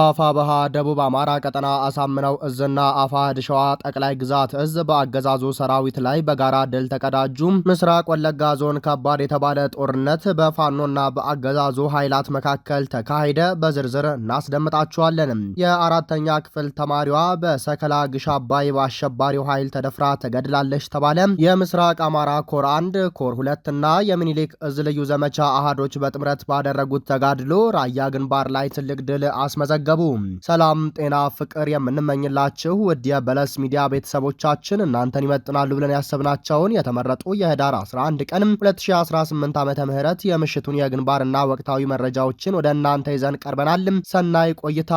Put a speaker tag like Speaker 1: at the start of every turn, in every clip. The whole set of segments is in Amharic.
Speaker 1: አፋብሃ ደቡብ አማራ ቀጠና አሳምነው እዝና አፋህድ ሸዋ ጠቅላይ ግዛት እዝ በአገዛዙ ሰራዊት ላይ በጋራ ድል ተቀዳጁ። ምስራቅ ወለጋ ዞን ከባድ የተባለ ጦርነት በፋኖና በአገዛዙ ኃይላት መካከል ተካሄደ። በዝርዝር እናስደምጣችኋለን። የአራተኛ ክፍል ተማሪዋ በሰከላ ግሽ አባይ በአሸባሪው ኃይል ተደፍራ ተገድላለች ተባለ። የምስራቅ አማራ ኮር አንድ ኮር ሁለት እና የሚኒሊክ እዝ ልዩ ዘመቻ አህዶች በጥምረት ባደረጉት ተጋድሎ ራያ ግንባር ላይ ትልቅ ድል አስመዘግ ገቡ። ሰላም፣ ጤና፣ ፍቅር የምንመኝላችሁ ውድ የበለስ ሚዲያ ቤተሰቦቻችን እናንተን ይመጥናሉ ብለን ያሰብናቸውን የተመረጡ የህዳር 11 ቀን 2018 ዓ ም የምሽቱን የግንባርና ወቅታዊ መረጃዎችን ወደ እናንተ ይዘን ቀርበናል። ሰናይ ቆይታ።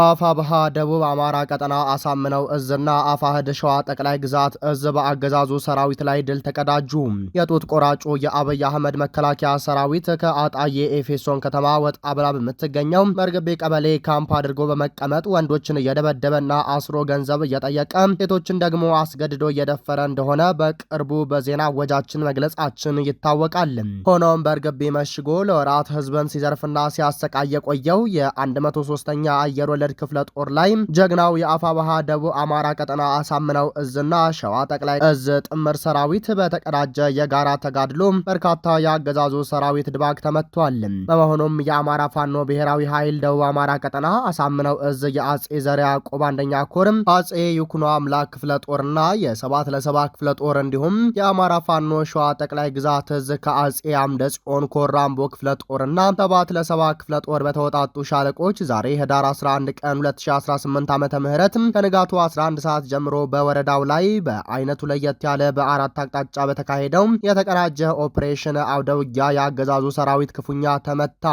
Speaker 1: አፋብሃ ደቡብ አማራ ቀጠና አሳምነው እዝና አፋህድ ሸዋ ጠቅላይ ግዛት እዝ በአገዛዙ ሰራዊት ላይ ድል ተቀዳጁ። የጡት ቆራጩ የአብይ አህመድ መከላከያ ሰራዊት ከአጣዬ ኤፌሶን ከተማ ወጣ ብላ በምትገኘው መርግቤ ቀበሌ ካምፕ አድርጎ በመቀመጥ ወንዶችን እየደበደበና አስሮ ገንዘብ እየጠየቀ ሴቶችን ደግሞ አስገድዶ እየደፈረ እንደሆነ በቅርቡ በዜና ወጃችን መግለጻችን ይታወቃል። ሆኖም በርግቤ መሽጎ ለወራት ህዝብን ሲዘርፍና ሲያሰቃይ የቆየው የ103ኛ አየር ወለድ ክፍለ ጦር ላይ ጀግናው የአፋባሃ ደቡብ አማራ ቀጠና አሳምነው እዝና ሸዋ ጠቅላይ እዝ ጥምር ሰራዊት በተቀዳጀ የጋራ ተጋድሎ በርካታ የአገዛዙ ሰራዊት ድባቅ ተመቷል። በመሆኑም የአማራ ፋኖ ብሔራዊ ኃይል ደቡብ አማራ ቀጠና አሳምነው እዝ የአጼ ዘርዓ ያዕቆብ አንደኛ ኮርም አጼ ይኩኖ አምላክ ክፍለ ጦርና የሰባት ለሰባ ክፍለ ጦር እንዲሁም የአማራ ፋኖ ሸዋ ጠቅላይ ግዛት እዝ ከአጼ አምደ ጽዮን ኮር ራምቦ ክፍለ ጦርና ሰባት ለሰባ ክፍለ ጦር በተወጣጡ ሻለቆች ዛሬ ህዳር 11 ቀን 2018 ዓ ም ከንጋቱ 11 ሰዓት ጀምሮ በወረዳው ላይ በአይነቱ ለየት ያለ በአራት አቅጣጫ በተካሄደው የተቀናጀ ኦፕሬሽን ውጊያ የአገዛዙ ሰራዊት ክፉኛ ተመታ።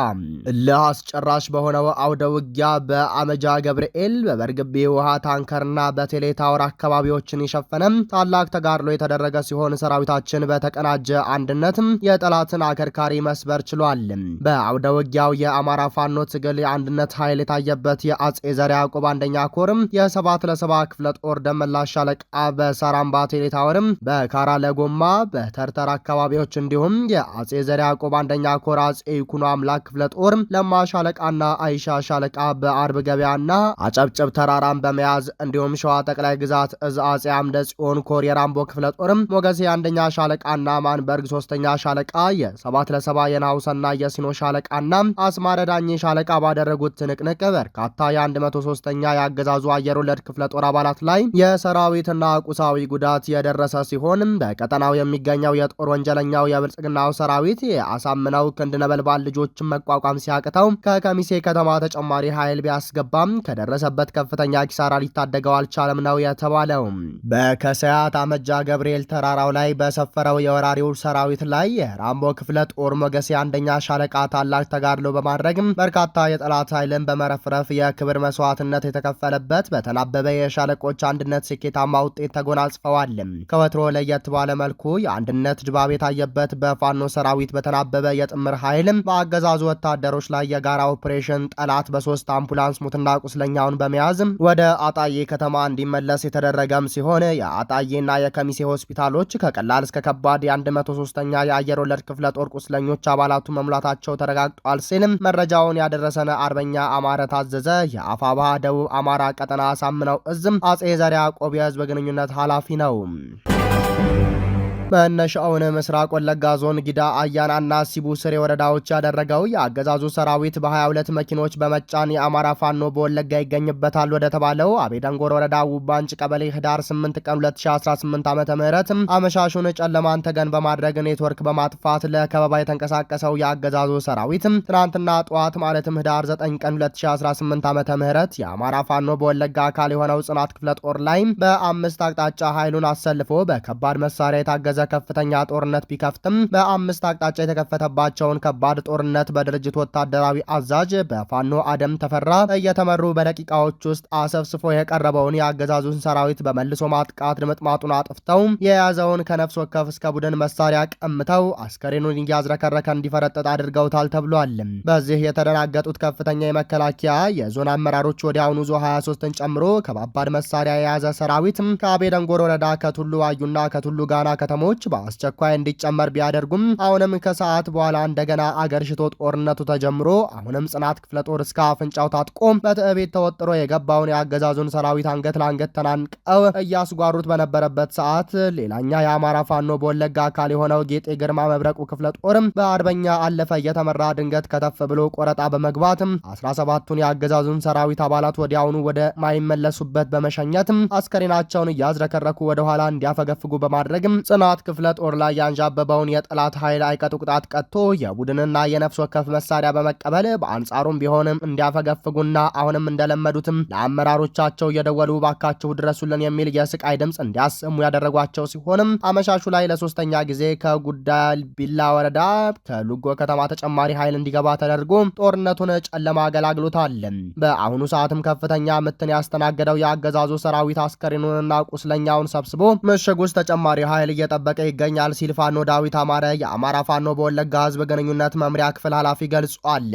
Speaker 1: እልህ አስጨራሽ በሆነው ውጊያ በአመጃ ገብርኤል፣ በበርግቤ ውሃ ታንከርና በቴሌ ታወር አካባቢዎችን የሸፈነ ታላቅ ተጋድሎ የተደረገ ሲሆን ሰራዊታችን በተቀናጀ አንድነት የጠላትን አከርካሪ መስበር ችሏል። ውጊያው የአማራ ፋኖ ትግል የአንድነት ኃይል የታየበት አጼ ዘርዓ ያዕቆብ አንደኛ ኮርም የሰባት ለሰባ ክፍለ ጦር ደመላሽ ሻለቃ በሳራምባ ቴሌታወርም በካራ ለጎማ በተርተር አካባቢዎች እንዲሁም የአጼ ዘርዓ ያዕቆብ አንደኛ ኮር አጼ ይኩኖ አምላክ ክፍለ ጦር ለማ ሻለቃና አይሻ ሻለቃ በአርብ ገበያና አጨብጭብ ተራራን በመያዝ እንዲሁም ሸዋ ጠቅላይ ግዛት እዝ አጼ አምደ ጽዮን ኮር የራምቦ ክፍለ ጦርም ሞገሴ አንደኛ ሻለቃና ማንበርግ ሶስተኛ ሻለቃ የሰባት ለሰባ የናውሰና የሲኖ ሻለቃና ዳኝ ሻለቃ ባደረጉት ትንቅንቅ በርካታ የ103ኛ የአገዛዙ አየር ወለድ ክፍለ ጦር አባላት ላይ የሰራዊትና ቁሳዊ ጉዳት የደረሰ ሲሆን በቀጠናው የሚገኘው የጦር ወንጀለኛው የብልጽግናው ሰራዊት የአሳምነው ክንድ ነበልባል ልጆችን መቋቋም ሲያቅተው ከከሚሴ ከተማ ተጨማሪ ኃይል ቢያስገባም ከደረሰበት ከፍተኛ ኪሳራ ሊታደገው አልቻለም ነው የተባለው። በከሰያት አመጃ ገብርኤል ተራራው ላይ በሰፈረው የወራሪው ሰራዊት ላይ የራምቦ ክፍለ ጦር ሞገሴ አንደኛ ሻለቃ ታላቅ ተጋድሎ በማድረግ በርካታ የጠላት ኃይልን በመረፍረፍ የክብ ክብር መስዋዕትነት የተከፈለበት በተናበበ የሻለቆች አንድነት ስኬታማ ውጤት ተጎናጽፈዋል። ከወትሮ ለየት ባለ መልኩ የአንድነት ድባብ የታየበት በፋኖ ሰራዊት በተናበበ የጥምር ኃይል በአገዛዙ ወታደሮች ላይ የጋራ ኦፕሬሽን ጠላት በሶስት አምቡላንስ ሙትና ቁስለኛውን በመያዝ ወደ አጣዬ ከተማ እንዲመለስ የተደረገም ሲሆን የአጣዬና የከሚሴ ሆስፒታሎች ከቀላል እስከ ከባድ የ103ኛ የአየር ወለድ ክፍለ ጦር ቁስለኞች አባላቱ መሙላታቸው ተረጋግጧል ሲል መረጃውን ያደረሰነ አርበኛ አማረ ታዘዘ የአፋባ ደቡብ አማራ ቀጠና ሳምነው እዝም አጼ ዘርዓ ያዕቆብ የህዝብ ግንኙነት ኃላፊ ነው። በእነ ሻኦነ ምስራቅ ወለጋ ዞን ጊዳ አያናና ሲቡ ስሬ ወረዳዎች ያደረገው የአገዛዙ ሰራዊት በ22 መኪኖች በመጫን የአማራ ፋኖ በወለጋ ይገኝበታል ወደ ተባለው አቤዳንጎር ወረዳ ውባንጭ ቀበሌ ህዳር 8 ቀን 2018 ዓ ም አመሻሹን ጨለማን ተገን በማድረግ ኔትወርክ በማጥፋት ለከበባ የተንቀሳቀሰው የአገዛዙ ሰራዊት ትናንትና ጠዋት ማለትም ህዳር 9 ቀን 2018 ዓ ም የአማራ ፋኖ በወለጋ አካል የሆነው ጽናት ክፍለ ጦር ላይ በአምስት አቅጣጫ ኃይሉን አሰልፎ በከባድ መሳሪያ የታገዘ የተያዘ ከፍተኛ ጦርነት ቢከፍትም በአምስት አቅጣጫ የተከፈተባቸውን ከባድ ጦርነት በድርጅት ወታደራዊ አዛዥ በፋኖ አደም ተፈራ እየተመሩ በደቂቃዎች ውስጥ አሰብስፎ የቀረበውን የአገዛዙን ሰራዊት በመልሶ ማጥቃት ድምጥማጡን አጥፍተው የያዘውን ከነፍስ ወከፍ እስከ ቡድን መሳሪያ ቀምተው አስከሬኑን እያዝረከረከ እንዲፈረጠጥ አድርገውታል ተብሏል። በዚህ የተደናገጡት ከፍተኛ የመከላከያ የዞን አመራሮች ወዲያውኑ ዞ 23ን ጨምሮ ከባባድ መሳሪያ የያዘ ሰራዊት ከአቤደንጎር ወረዳ ከቱሉ አዩና ከቱሉ ጋና ከተሞች ኃይሎች በአስቸኳይ እንዲጨመር ቢያደርጉም አሁንም ከሰዓት በኋላ እንደገና አገር ሽቶ ጦርነቱ ተጀምሮ አሁንም ጽናት ክፍለ ጦር እስከ አፍንጫው ታጥቆ በትዕቢት ተወጥሮ የገባውን የአገዛዙን ሰራዊት አንገት ለአንገት ተናንቀው እያስጓሩት በነበረበት ሰዓት ሌላኛ የአማራ ፋኖ በወለጋ አካል የሆነው ጌጤ ግርማ መብረቁ ክፍለ ጦርም በአርበኛ አለፈ እየተመራ ድንገት ከተፍ ብሎ ቆረጣ በመግባትም 17ቱን የአገዛዙን ሰራዊት አባላት ወዲያውኑ ወደ ማይመለሱበት በመሸኘትም አስከሬናቸውን እያዝረከረኩ ወደኋላ እንዲያፈገፍጉ በማድረግም ጽናት ሰባት ክፍለ ጦር ላይ ያንዣበበውን የጠላት ኃይል አይቀጡ ቅጣት ቀጥቶ የቡድንና የነፍስ ወከፍ መሳሪያ በመቀበል በአንጻሩም ቢሆንም እንዲያፈገፍጉና አሁንም እንደለመዱትም ለአመራሮቻቸው የደወሉ ባካችሁ ድረሱልን የሚል የስቃይ ድምፅ እንዲያሰሙ ያደረጓቸው ሲሆንም አመሻሹ ላይ ለሶስተኛ ጊዜ ከጉዳይ ቢላ ወረዳ ከሉጎ ከተማ ተጨማሪ ኃይል እንዲገባ ተደርጎ ጦርነቱን ጨለማ አገላግሎታል። በአሁኑ ሰዓትም ከፍተኛ ምትን ያስተናገደው የአገዛዙ ሰራዊት አስከሬኑንና ቁስለኛውን ሰብስቦ ምሽግ ውስጥ ተጨማሪ ኃይል እየጠበ እየተጠበቀ ይገኛል ሲል ፋኖ ዳዊት አማረ የአማራ ፋኖ በወለጋ ህዝብ ግንኙነት መምሪያ ክፍል ኃላፊ ገልጿል።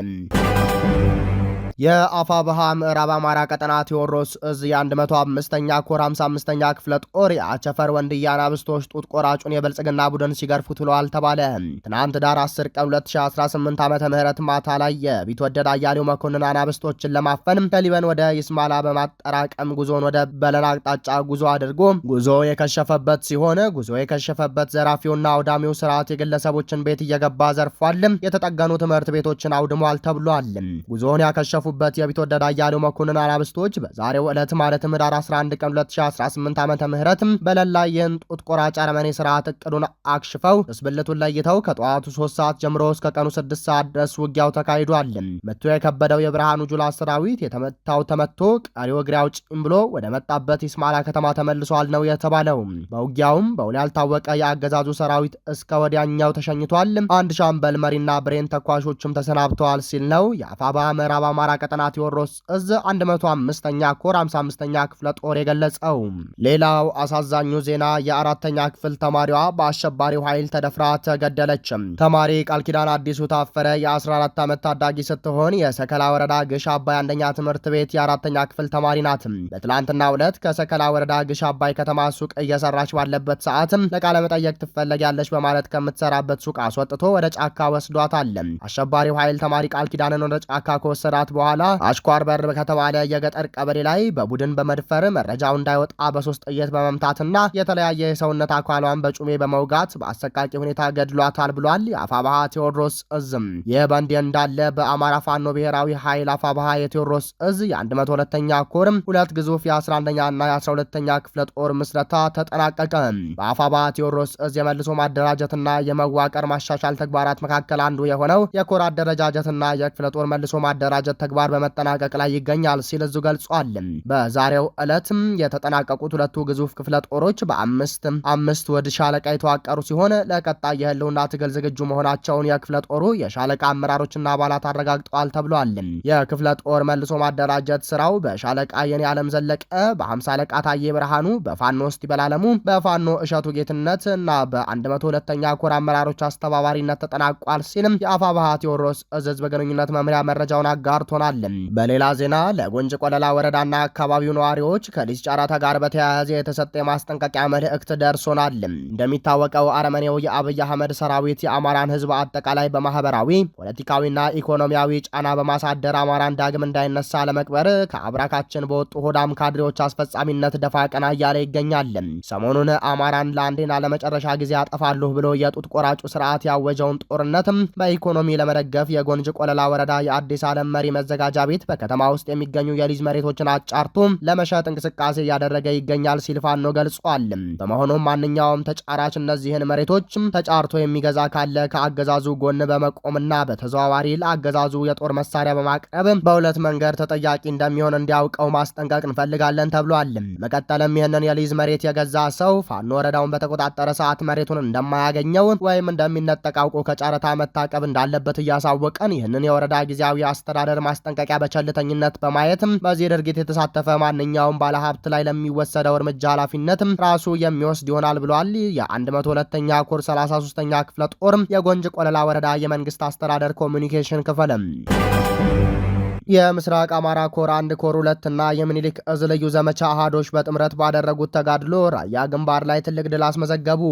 Speaker 1: የአፋብሃ ምዕራብ አማራ ቀጠና ቴዎድሮስ እዝ የ105ኛ ኮር 55ኛ ክፍለ ጦር የአቸፈር ወንድያ ናብስቶች ጡት ቆራጩን የብልጽግና ቡድን ሲገርፉት ውለዋል ተባለ። ትናንት ዳር 10 ቀን 2018 ዓ ምህረት ማታ ላይ የቢትወደድ አያሌው መኮንን አናብስቶችን ለማፈን ከሊበን ወደ ይስማላ በማጠራቀም ጉዞን ወደ በለን አቅጣጫ ጉዞ አድርጎ ጉዞ የከሸፈበት ሲሆን ጉዞ የከሸፈበት ዘራፊውና አውዳሚው ስርዓት የግለሰቦችን ቤት እየገባ ዘርፏል። የተጠገኑ ትምህርት ቤቶችን አውድሟል ተብሏል። ጉዞን ያከሸፉ የተሳተፉበት ወደዳ አያሌው መኮንን አናብስቶች በዛሬው ዕለት ማለትም ህዳር 11 ቀን 2018 ዓ ም በለላ ይህን ጡት ቆራጭ አረመኔ ስርዓት እቅዱን አክሽፈው ስብልቱን ለይተው ከጠዋቱ 3 ሰዓት ጀምሮ እስከ ቀኑ 6 ሰዓት ድረስ ውጊያው ተካሂዷል። መቶ የከበደው የብርሃኑ ጁላ ሰራዊት የተመታው ተመቶ ቀሪው እግሬ አውጪኝ ብሎ ወደ መጣበት ኢስማላ ከተማ ተመልሷል ነው የተባለው። በውጊያውም በውል ያልታወቀ የአገዛዙ ሰራዊት እስከ ወዲያኛው ተሸኝቷል። አንድ ሻምበል መሪና ብሬን ተኳሾችም ተሰናብተዋል ሲል ነው የአፋባ ምዕራብ አማራ ቀጠና ቴዎድሮስ እዝ 105ኛ ኮር 55ኛ ክፍለ ጦር የገለጸው። ሌላው አሳዛኙ ዜና የአራተኛ ክፍል ተማሪዋ በአሸባሪው ኃይል ተደፍራ ተገደለች። ተማሪ ቃል ኪዳን አዲሱ ታፈረ የ14 ዓመት ታዳጊ ስትሆን የሰከላ ወረዳ ግሽ አባይ አንደኛ ትምህርት ቤት የአራተኛ ክፍል ተማሪ ናት። በትላንትና ዕለት ከሰከላ ወረዳ ግሽ አባይ ከተማ ሱቅ እየሰራች ባለበት ሰዓት ለቃለ መጠየቅ ትፈለጊያለች በማለት ከምትሰራበት ሱቅ አስወጥቶ ወደ ጫካ አለ። አሸባሪው ኃይል ተማሪ ቃል ኪዳንን ወደ ጫካ ከወሰዳት በኋላ በኋላ አሽኳር በር ከተባለ የገጠር ቀበሌ ላይ በቡድን በመድፈር መረጃው እንዳይወጣ በሶስት ጥይት በመምታትና የተለያየ የሰውነት አካሏን በጩሜ በመውጋት በአሰቃቂ ሁኔታ ገድሏታል ብሏል የአፋባሃ ቴዎድሮስ እዝም። ይህ በእንዲህ እንዳለ በአማራ ፋኖ ብሔራዊ ኃይል አፋባሃ የቴዎድሮስ እዝ የ 12 ኛ ኮር ሁለት ግዙፍ የ 11 ና የ12ኛ ክፍለ ጦር ምስረታ ተጠናቀቀ። በአፋባሃ ቴዎድሮስ እዝ የመልሶ ማደራጀትና የመዋቀር ማሻሻል ተግባራት መካከል አንዱ የሆነው የኮር አደረጃጀትና የክፍለ ጦር መልሶ ማደራጀት ተግባር በመጠናቀቅ ላይ ይገኛል ሲል እዙ ገልጿል። በዛሬው ዕለትም የተጠናቀቁት ሁለቱ ግዙፍ ክፍለ ጦሮች በአምስት አምስት ወደ ሻለቃ የተዋቀሩ ሲሆን ለቀጣይ የህልውና ትግል ዝግጁ መሆናቸውን የክፍለ ጦሩ የሻለቃ አመራሮችና አባላት አረጋግጠዋል ተብሏል። የክፍለ ጦር መልሶ ማደራጀት ስራው በሻለቃ የኔ ዓለም ዘለቀ በሀምሳ በ50 አለቃ ታዬ ብርሃኑ፣ በፋኖ ውስጥ ይበላለሙ፣ በፋኖ እሸቱ ጌትነት እና በ102ኛ ኮር አመራሮች አስተባባሪነት ተጠናቋል ሲልም የአፋ ባህ ቴዎድሮስ እዝዝ በግንኙነት መምሪያ መረጃውን አጋርቶናል። ተናግረዋል። በሌላ ዜና ለጎንጅ ቆለላ ወረዳና አካባቢው ነዋሪዎች ከሊዝ ጨረታ ጋር በተያያዘ የተሰጠ የማስጠንቀቂያ መልእክት ደርሶናል። እንደሚታወቀው አረመኔው የአብይ አህመድ ሰራዊት የአማራን ህዝብ አጠቃላይ በማህበራዊ ፖለቲካዊና ኢኮኖሚያዊ ጫና በማሳደር አማራን ዳግም እንዳይነሳ ለመቅበር ከአብራካችን በወጡ ሆዳም ካድሬዎች አስፈጻሚነት ደፋ ቀና እያለ ይገኛል። ሰሞኑን አማራን ለአንዴና ለመጨረሻ ጊዜ አጠፋለሁ ብሎ የጡት ቆራጩ ስርዓት ያወጀውን ጦርነትም በኢኮኖሚ ለመደገፍ የጎንጅ ቆለላ ወረዳ የአዲስ ዓለም መሪ መዘ ማዘጋጃ ቤት በከተማ ውስጥ የሚገኙ የሊዝ መሬቶችን አጫርቶ ለመሸጥ እንቅስቃሴ እያደረገ ይገኛል ሲል ፋኖ ገልጿል። በመሆኑም ማንኛውም ተጫራች እነዚህን መሬቶች ተጫርቶ የሚገዛ ካለ ከአገዛዙ ጎን በመቆምና በተዘዋዋሪ ለአገዛዙ የጦር መሳሪያ በማቅረብ በሁለት መንገድ ተጠያቂ እንደሚሆን እንዲያውቀው ማስጠንቀቅ እንፈልጋለን ተብሏል። መቀጠልም ይህንን የሊዝ መሬት የገዛ ሰው ፋኖ ወረዳውን በተቆጣጠረ ሰዓት መሬቱን እንደማያገኘው ወይም እንደሚነጠቅ አውቆ ከጨረታ መታቀብ እንዳለበት እያሳወቀን ይህንን የወረዳ ጊዜያዊ አስተዳደር ማ ማስጠንቀቂያ በቸልተኝነት በማየት በዚህ ድርጊት የተሳተፈ ማንኛውም ባለሀብት ላይ ለሚወሰደው እርምጃ ኃላፊነት ራሱ የሚወስድ ይሆናል ብሏል። የ102ኛ ኮር 33ኛ ክፍለ ጦር የጎንጅ ቆለላ ወረዳ የመንግስት አስተዳደር ኮሚኒኬሽን ክፍል የምስራቅ አማራ ኮር አንድ ኮር ሁለት እና የምኒልክ እዝ ልዩ ዘመቻ አሃዶች በጥምረት ባደረጉት ተጋድሎ ራያ ግንባር ላይ ትልቅ ድል አስመዘገቡ።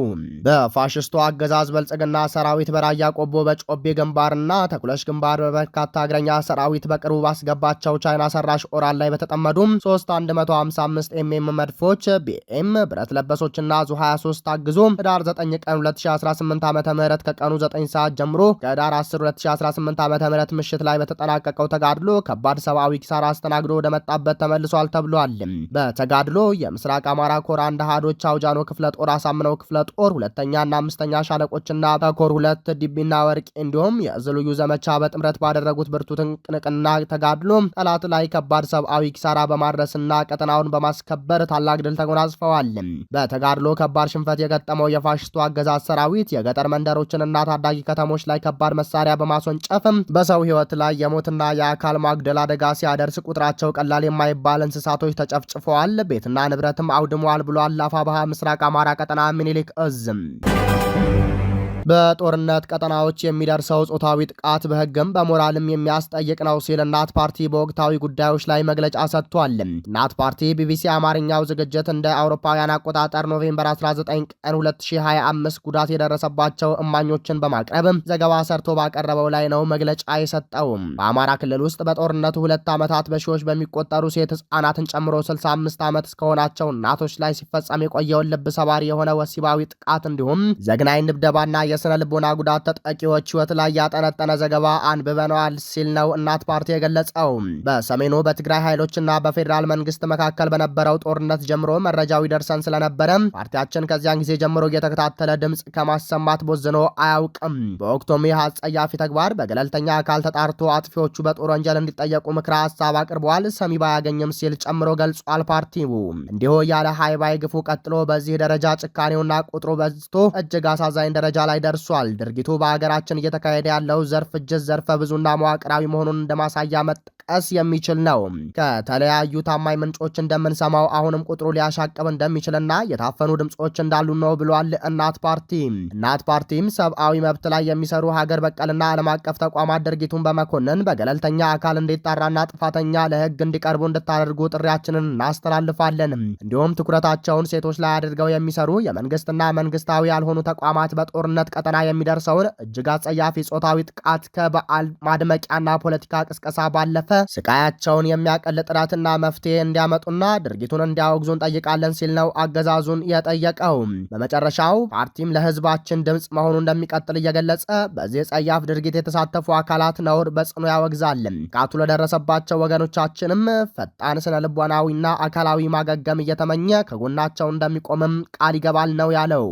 Speaker 1: በፋሽስቱ አገዛዝ ብልጽግና ሰራዊት በራያ ቆቦ በጮቤ ግንባርና ተኩለሽ ግንባር በበርካታ እግረኛ ሰራዊት በቅርቡ ባስገባቸው ቻይና ሰራሽ ኦራል ላይ በተጠመዱም ሶስት 155 ኤምኤም መድፎች ቢኤም ብረት ለበሶችና ዙ 23 ታግዞ ህዳር 9 ቀን 2018 ዓ ም ከቀኑ 9 ሰዓት ጀምሮ ከህዳር 10 2018 ዓ ም ምሽት ላይ በተጠናቀቀው ተጋድሎ ከባድ ሰብአዊ ኪሳራ አስተናግዶ ወደ መጣበት ተመልሷል ተብሏል። በተጋድሎ የምስራቅ አማራ ኮር አንድ አሃዶች አውጃኖ ክፍለ ጦር፣ አሳምነው ክፍለ ጦር ሁለተኛና አምስተኛ ሻለቆችና ተኮር ሁለት ዲቢና ወርቅ እንዲሁም የእዝ ልዩ ዘመቻ በጥምረት ባደረጉት ብርቱ ትንቅንቅና ተጋድሎ ጠላት ላይ ከባድ ሰብአዊ ኪሳራ በማድረስና ቀጠናውን በማስከበር ታላቅ ድል ተጎናጽፈዋል። በተጋድሎ ከባድ ሽንፈት የገጠመው የፋሽስቱ አገዛዝ ሰራዊት የገጠር መንደሮችንና ታዳጊ ከተሞች ላይ ከባድ መሳሪያ በማስወንጨፍም በሰው ህይወት ላይ የሞትና የአካል ማ የማጉደል አደጋ ሲያደርስ ቁጥራቸው ቀላል የማይባል እንስሳቶች ተጨፍጭፈዋል፣ ቤትና ንብረትም አውድመዋል ብሏል አፋብኃ ምስራቅ አማራ ቀጠና ምኒልክ እዝም በጦርነት ቀጠናዎች የሚደርሰው ጾታዊ ጥቃት በህግም በሞራልም የሚያስጠይቅ ነው ሲል እናት ፓርቲ በወቅታዊ ጉዳዮች ላይ መግለጫ ሰጥቷል። እናት ፓርቲ ቢቢሲ አማርኛው ዝግጅት እንደ አውሮፓውያን አቆጣጠር ኖቬምበር 19 ቀን 2025 ጉዳት የደረሰባቸው እማኞችን በማቅረብ ዘገባ ሰርቶ ባቀረበው ላይ ነው መግለጫ የሰጠውም። በአማራ ክልል ውስጥ በጦርነቱ ሁለት ዓመታት በሺዎች በሚቆጠሩ ሴት ህጻናትን ጨምሮ 65 ዓመት እስከሆናቸው እናቶች ላይ ሲፈጸም የቆየውን ልብ ሰባሪ የሆነ ወሲባዊ ጥቃት እንዲሁም ዘግናኝ ንብደባና የስነ ልቦና ጉዳት ተጠቂዎች ህይወት ላይ ያጠነጠነ ዘገባ አንብበነዋል ሲል ነው እናት ፓርቲ የገለጸው። በሰሜኑ በትግራይ ኃይሎችና በፌዴራል መንግስት መካከል በነበረው ጦርነት ጀምሮ መረጃው ይደርሰን ስለነበረ ፓርቲያችን ከዚያን ጊዜ ጀምሮ እየተከታተለ ድምፅ ከማሰማት ቦዝኖ አያውቅም። በወቅቱም ይህ አጸያፊ ተግባር በገለልተኛ አካል ተጣርቶ አጥፊዎቹ በጦር ወንጀል እንዲጠየቁ ምክረ ሀሳብ አቅርበዋል። ሰሚ ባያገኝም ሲል ጨምሮ ገልጿል። ፓርቲው እንዲሁ ያለ ሀይባይ ግፉ ቀጥሎ በዚህ ደረጃ ጭካኔውና ቁጥሩ በዝቶ እጅግ አሳዛኝ ደረጃ ላይ ደርሷል። ድርጊቱ በሀገራችን እየተካሄደ ያለው ዘርፍ እጅግ ዘርፈ ብዙና መዋቅራዊ መሆኑን እንደማሳያ መጥቀስ የሚችል ነው። ከተለያዩ ታማኝ ምንጮች እንደምንሰማው አሁንም ቁጥሩ ሊያሻቅብ እንደሚችልና የታፈኑ ድምፆች እንዳሉ ነው ብሏል እናት ፓርቲ። እናት ፓርቲም ሰብአዊ መብት ላይ የሚሰሩ ሀገር በቀልና ዓለም አቀፍ ተቋማት ድርጊቱን በመኮንን በገለልተኛ አካል እንዲጣራና ጥፋተኛ ለህግ እንዲቀርቡ እንድታደርጉ ጥሪያችንን እናስተላልፋለን። እንዲሁም ትኩረታቸውን ሴቶች ላይ አድርገው የሚሰሩ የመንግስትና መንግስታዊ ያልሆኑ ተቋማት በጦርነት ቀጠና የሚደርሰውን እጅግ አጸያፊ ጾታዊ ጥቃት ከበዓል ማድመቂያና ፖለቲካ ቅስቀሳ ባለፈ ስቃያቸውን የሚያቀል ጥረትና መፍትሄ እንዲያመጡና ድርጊቱን እንዲያወግዙ እንጠይቃለን ሲል ነው አገዛዙን የጠየቀው። በመጨረሻው ፓርቲም ለህዝባችን ድምፅ መሆኑ እንደሚቀጥል እየገለጸ በዚህ ጸያፍ ድርጊት የተሳተፉ አካላት ነውር በጽኑ ያወግዛል። ጥቃቱ ለደረሰባቸው ወገኖቻችንም ፈጣን ስነ ልቦናዊና አካላዊ ማገገም እየተመኘ ከጎናቸው እንደሚቆምም ቃል ይገባል ነው ያለው።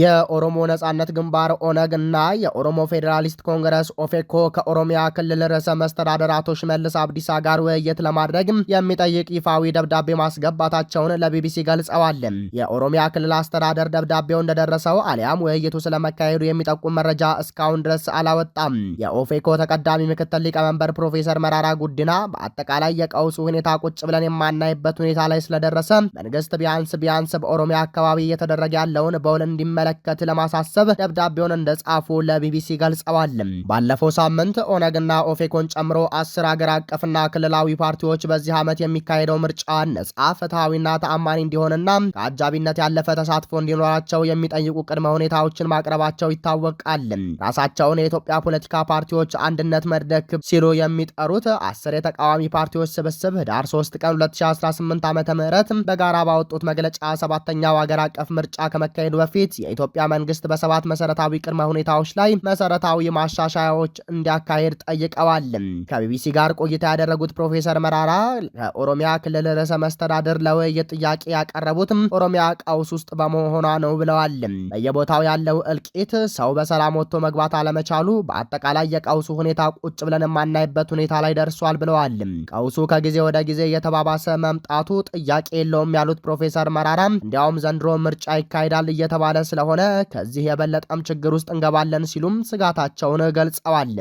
Speaker 1: የኦሮሞ ነጻነት ግንባር ኦነግ እና የኦሮሞ ፌዴራሊስት ኮንግረስ ኦፌኮ ከኦሮሚያ ክልል ርዕሰ መስተዳደር አቶ ሽመልስ አብዲሳ ጋር ውይይት ለማድረግ የሚጠይቅ ይፋዊ ደብዳቤ ማስገባታቸውን ለቢቢሲ ገልጸዋል። የኦሮሚያ ክልል አስተዳደር ደብዳቤው እንደደረሰው አሊያም ውይይቱ ስለመካሄዱ የሚጠቁም መረጃ እስካሁን ድረስ አላወጣም። የኦፌኮ ተቀዳሚ ምክትል ሊቀመንበር ፕሮፌሰር መራራ ጉዲና በአጠቃላይ የቀውሱ ሁኔታ ቁጭ ብለን የማናይበት ሁኔታ ላይ ስለደረሰ መንግስት ቢያንስ ቢያንስ በኦሮሚያ አካባቢ እየተደረገ ያለውን በውል እንዲመ እንደሚመለከት ለማሳሰብ ደብዳቤውን እንደጻፉ ለቢቢሲ ገልጸዋል። ባለፈው ሳምንት ኦነግና ኦፌኮን ጨምሮ አስር አገር አቀፍና ክልላዊ ፓርቲዎች በዚህ ዓመት የሚካሄደው ምርጫ ነጻ፣ ፍትሐዊና ተአማኒ እንዲሆንና ከአጃቢነት ያለፈ ተሳትፎ እንዲኖራቸው የሚጠይቁ ቅድመ ሁኔታዎችን ማቅረባቸው ይታወቃል። ራሳቸውን የኢትዮጵያ ፖለቲካ ፓርቲዎች አንድነት መድረክ ሲሉ የሚጠሩት አስር የተቃዋሚ ፓርቲዎች ስብስብ ህዳር 3 ቀን 2018 ዓ ም በጋራ ባወጡት መግለጫ ሰባተኛው አገር አቀፍ ምርጫ ከመካሄዱ በፊት የኢትዮጵያ መንግስት በሰባት መሰረታዊ ቅድመ ሁኔታዎች ላይ መሰረታዊ ማሻሻያዎች እንዲያካሄድ ጠይቀዋል። ከቢቢሲ ጋር ቆይታ ያደረጉት ፕሮፌሰር መራራ ከኦሮሚያ ክልል ርዕሰ መስተዳድር ለውይይት ጥያቄ ያቀረቡትም ኦሮሚያ ቀውስ ውስጥ በመሆኗ ነው ብለዋል። በየቦታው ያለው እልቂት፣ ሰው በሰላም ወጥቶ መግባት አለመቻሉ፣ በአጠቃላይ የቀውሱ ሁኔታ ቁጭ ብለን የማናይበት ሁኔታ ላይ ደርሷል ብለዋል። ቀውሱ ከጊዜ ወደ ጊዜ እየተባባሰ መምጣቱ ጥያቄ የለውም ያሉት ፕሮፌሰር መራራ እንዲያውም ዘንድሮ ምርጫ ይካሄዳል እየተባለ ስለ ስለሆነ ከዚህ የበለጠም ችግር ውስጥ እንገባለን ሲሉም ስጋታቸውን ገልጸዋል።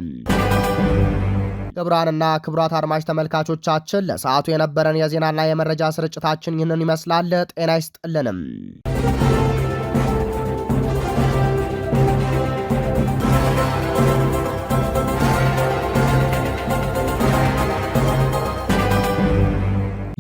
Speaker 1: ክቡራንና ክቡራት አድማጭ ተመልካቾቻችን ለሰዓቱ የነበረን የዜናና የመረጃ ስርጭታችን ይህንን ይመስላል። ጤና ይስጥልንም።